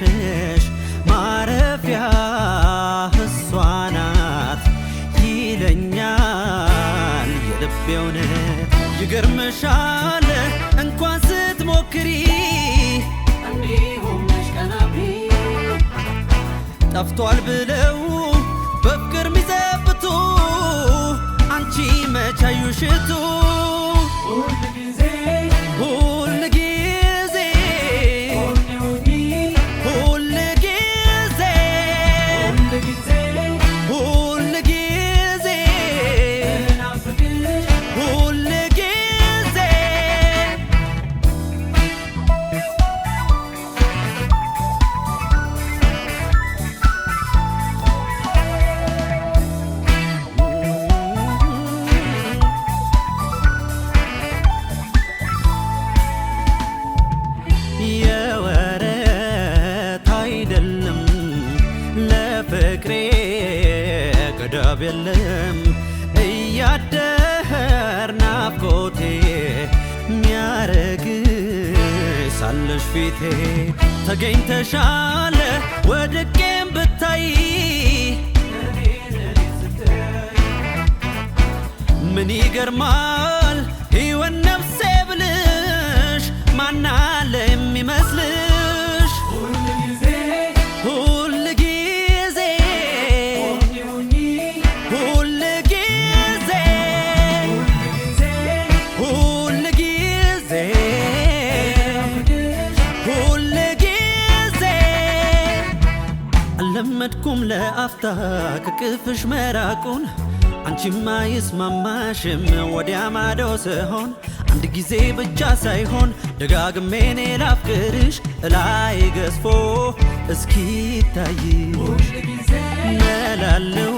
ሸሽ ማረፊያ እሷ ናት ይለኛል የልቤ እውነት። ይገርምሻል እንኳን ስትሞክሪ እንዲሁም ቀናብሪ ጠፍቷል ብለው ዝናብ የለም እያደር ናፍቆቴ ሚያረግ ሳለሽ ፊቴ ተገኝተሻለ ወድቄም ብታይ ምን ይገርማል ሕይወት ነፍሴ ብልሽ ማናለ አልወደድኩም ለአፍታ ከቅፍሽ መራቁን አንቺማ ይስማማሽም ወዲያ ማዶ ስሆን አንድ ጊዜ ብቻ ሳይሆን ደጋግሜ እኔ ላፍቅርሽ እላይ ገዝፎ እስኪታይ መላለው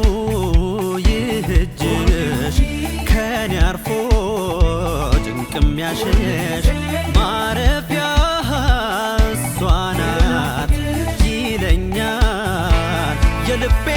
you're the best.